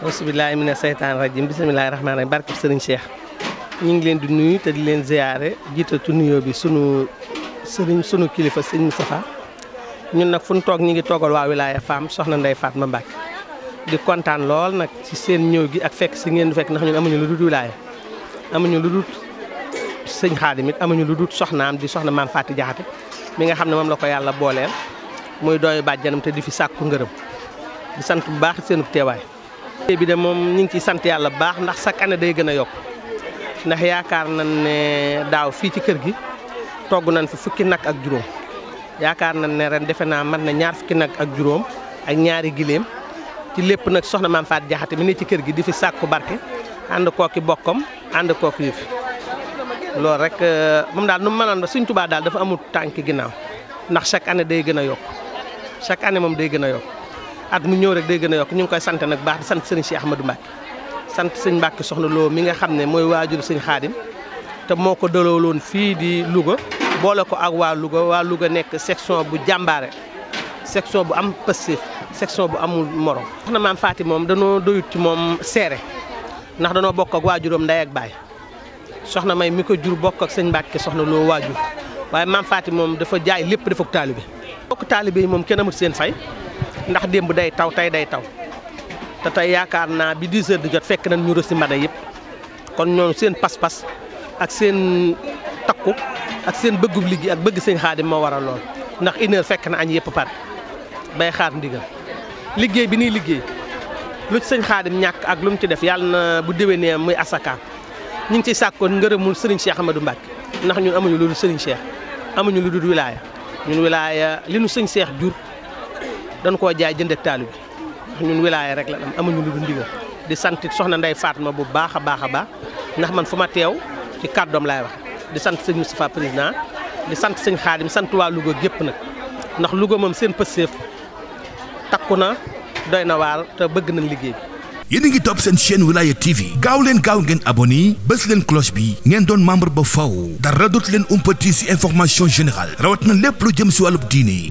bismillaahi mina seytaan rajim bismillaahi rahmaani rahim barkeb sëriñ seex ñu ngi leen di nuyu te di leen ziyaare jiitatu nuyoo bi sunu sëriñ sunu kilifa sëriñ Moustapha ñun nag fu ñu toog ñu ngi toogal waa wilaaya Fam soxna faat Fatma Mbacke di kontaan lool nag si seen ñëw gi ak fekk si ngeen fekk ndax ñun amuñu lu dul amuñu lu dul sëñ Xaadim amuñu lu dul soxnaam di soxna maam Fatou Diakhaté mi nga xam ne moom la ko yàlla booleel muy dooyu bàjjanam te di fi sàkku ngërëm sant bu baax seen teewaay bi de moom ñu ngi ciy sant yàlla bu baax ndax chaque année day gën a yokk ndax yaakaar nañ ne daaw fii ci kër gi togg nañ fi fukki nag ak juróom yaakaar nañ ne ren defe naa mën na ñaar fukki nag ak juróom ak ñaari giléem ci lépp nag soxna maam Faat Jaxate mi ne ci kër gi di fi sàkku barke ànd kooki bokkam ànd kooki yëf loolu rek euh, moom daal nu mu mënoon suñ Tuubaa daal dafa amul tànk ginnaaw ndax chaque année day gën a yokk chaque année moom day gën a yokk at mu ñëw rek day gën a yokk ñu ngi koy sant nag baax di sant sëriñ Cheikh Ahmadou Mbacke sant sëñ Mbacke soxna loo mi nga xam ne mooy waajur sëñ Xaadim te moo ko dalooloon fii di Louga boole ko ak waa Louga waa Louga nekk section bu jàmbaare section bu am passif section bu amul morom wax na maam Faati moom danoo doyut ci moom seere ndax danoo bokk ak waajuram ndey ak baay soxna may mi ko jur bokk ak sëñ Mbacke soxna Lo waajur waaye maam Faati moom dafa jaay lépp dafa ko taalibe bokk taalibe yi moom kenn amut seen fay ndax démb day taw tey day taw te tey yaakaar naa bi 10 heures di jot fekk nañ ñu si mbada yëpp kon ñoom seen pas-pas ak seen takku ak seen bëggub liggéey ak bëgg seen xaadim moo waral lool ndax une fekk na añ yëpp pare bay xaar ndigal liggéey bi nii liggéey lu ci sëñ xaadim ñàkk ak lu mu ci def yàlla na bu déwénee muy asaka ñu ngi ciy sàkkoon ngërëmul sëriñ Cheikh Amadou Mbacke ndax ñun amuñu lu dul sëriñ Cheikh amuñu lu dul wilaaya ñun wilaaya li sëñ Cheikh jur dañ ko jaay jënd ak taalu bi ñun wilaaya rek la am amuñu lu dul ndigal di sant soxna ndey Ndeye ma bu baax a baax a baax ndax man fu ma teew ci kàddoom laay wax di sant sëñ Moustapha président di sant sëñ Xaadim sant waa Louga gépp nag ndax lugo moom seen pësteef takku na doy na waar te bëgg nañ liggéey bi. yéen a ngi topp seen chaîne Wilaya TV gaaw leen gaaw ngeen abonné bés leen cloche bi ngeen doon membre ba faw dara dootu leen umpati si information générale rawat lépp lu jëm si wàllub diini